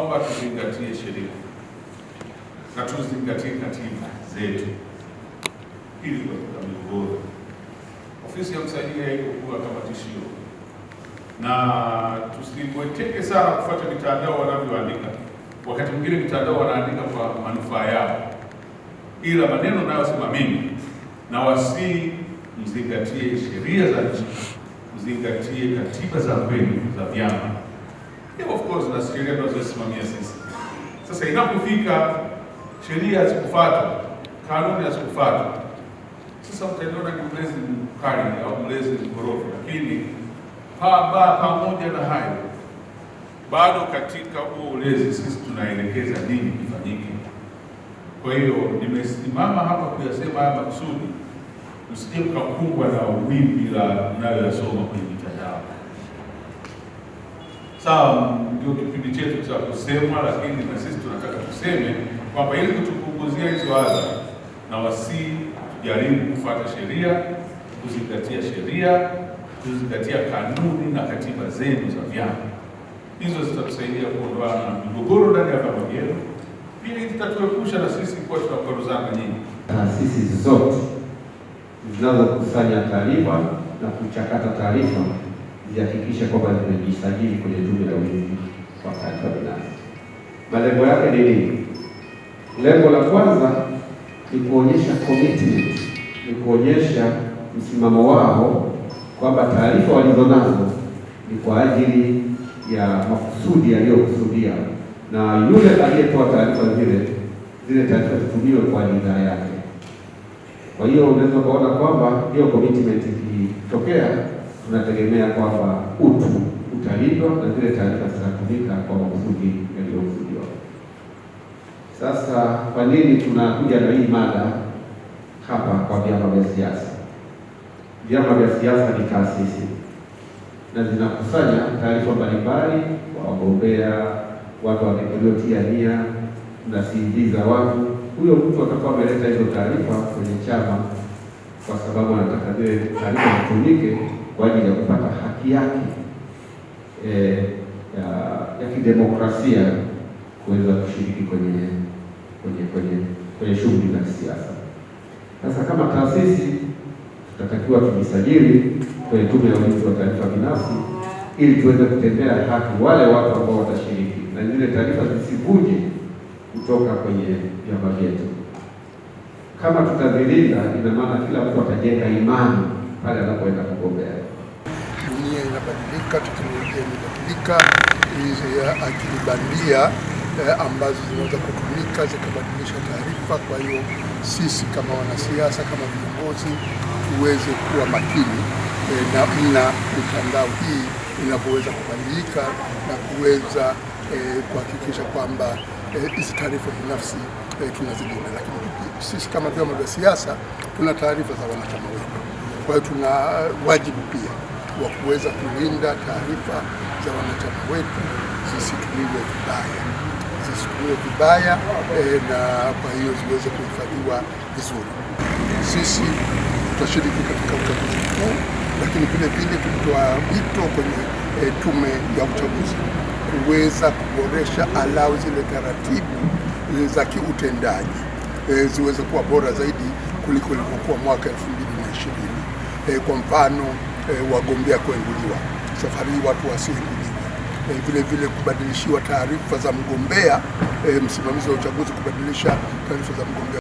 tunaomba tuzingatie sheria na tuzingatie katiba zetu ili kuepuka migogoro. Ofisi ya msajili haikokuwa kama tishio, na tusiweteke sana kufuata mitandao wanavyoandika. Wakati mwingine mitandao wanaandika kwa manufaa yao, ila maneno nayosema mimi na wasii, mzingatie sheria za nchi, mzingatie katiba za kwenu za vyama Hivyo of course na sheria ambazo sisi. Sasa inapofika sheria hazikufuatwa, kanuni hazikufuatwa, sasa mtaniona ni mlezi mkali au mlezi mkorofi, lakini pamba pamoja na hayo bado katika huo ulezi sisi tunaelekeza nini kifanyike. Kwa hiyo nimesimama hapa kuyasema haya makusudi, msije mkakumbwa na wimbi la mnayoyasoma kwenye Sawa, ndio kipindi chetu cha kusema, lakini na sisi tunataka tuseme kwamba ili kutupunguzia hizo adha, na wasii tujaribu kufuata sheria, kuzingatia sheria, kuzingatia kanuni na katiba zenu za vyama. Hizo zitatusaidia kuondoana na migogoro ndani ya vyama vyenu, pili zitatuepusha na sisi kuwa tunakoruzana nyingi. Taasisi zote zinazokusanya taarifa na kuchakata taarifa zihakikishe kwamba zimejisajili kwenye Tume ya Ulinzi wa Taarifa Binafsi. Malengo yake ni nini? Lengo la kwanza ni kuonyesha commitment, ni kuonyesha msimamo wao kwamba taarifa walizonazo ni kwa ajili ya makusudi yaliyokusudia, na yule aliyetoa taarifa zile zile taarifa zitumiwe kwa ridhaa yake. Kwa hiyo unaweza ukaona kwamba hiyo commitment ikitokea tunategemea kwamba utu utalindwa na zile taarifa zitatumika kwa makusudi yaliyokusudiwa. Sasa kwa nini tunakuja na hii mada hapa kwa vyama vya siasa? Vyama vya siasa ni taasisi na zinakusanya taarifa mbalimbali kwa wagombea, watu waliotia nia, nasindiza watu. Huyo mtu atakuwa ameleta hizo taarifa kwenye chama, kwa sababu anataka zile taarifa zitumike kwa ajili ya kupata haki yake e, ya, ya kidemokrasia kuweza kushiriki kwenye kwenye kwenye kwenye shughuli za kisiasa. Sasa kama taasisi tutatakiwa tujisajili kwenye Tume ya Ulinzi wa Taarifa Binafsi ili tuweze kutendea haki wale watu ambao watashiriki na zile taarifa zisivuje kutoka kwenye vyama vyetu. Kama tutazilinda, ina maana kila mtu atajenga imani pale anapoenda kugombea imebadilika, teknolojia imebadilika, hizi eh, akili bandia eh, ambazo zinaweza kutumika zikabadilisha taarifa. Kwa hiyo sisi kama wanasiasa, kama viongozi, tuweze kuwa makini eh, namna mitandao hii inavyoweza kubadilika na kuweza eh, kuhakikisha kwamba eh, hizi eh, taarifa binafsi eh, tunazilinda, lakini sisi kama vyama vya siasa tuna taarifa za wanachama wetu, kwa hiyo tuna eh, wajibu pia wa kuweza kulinda taarifa za wanachama wetu zisitumiwe vibaya, zisitumiwe vibaya e, na kwa hiyo ziweze kuhifadhiwa vizuri. Sisi tutashiriki katika uchaguzi mkuu, lakini vile vile tulitoa wito kwenye e, tume ya uchaguzi kuweza kuboresha alau zile taratibu eh, za kiutendaji e, ziweze kuwa bora zaidi kuliko ilivyokuwa mwaka 2020 eh, kwa mfano e, wagombea kuenguliwa safari hii, watu wasioenguliwa. E, eh, vile vile kubadilishiwa taarifa za mgombea e, msimamizi wa uchaguzi kubadilisha taarifa za mgombea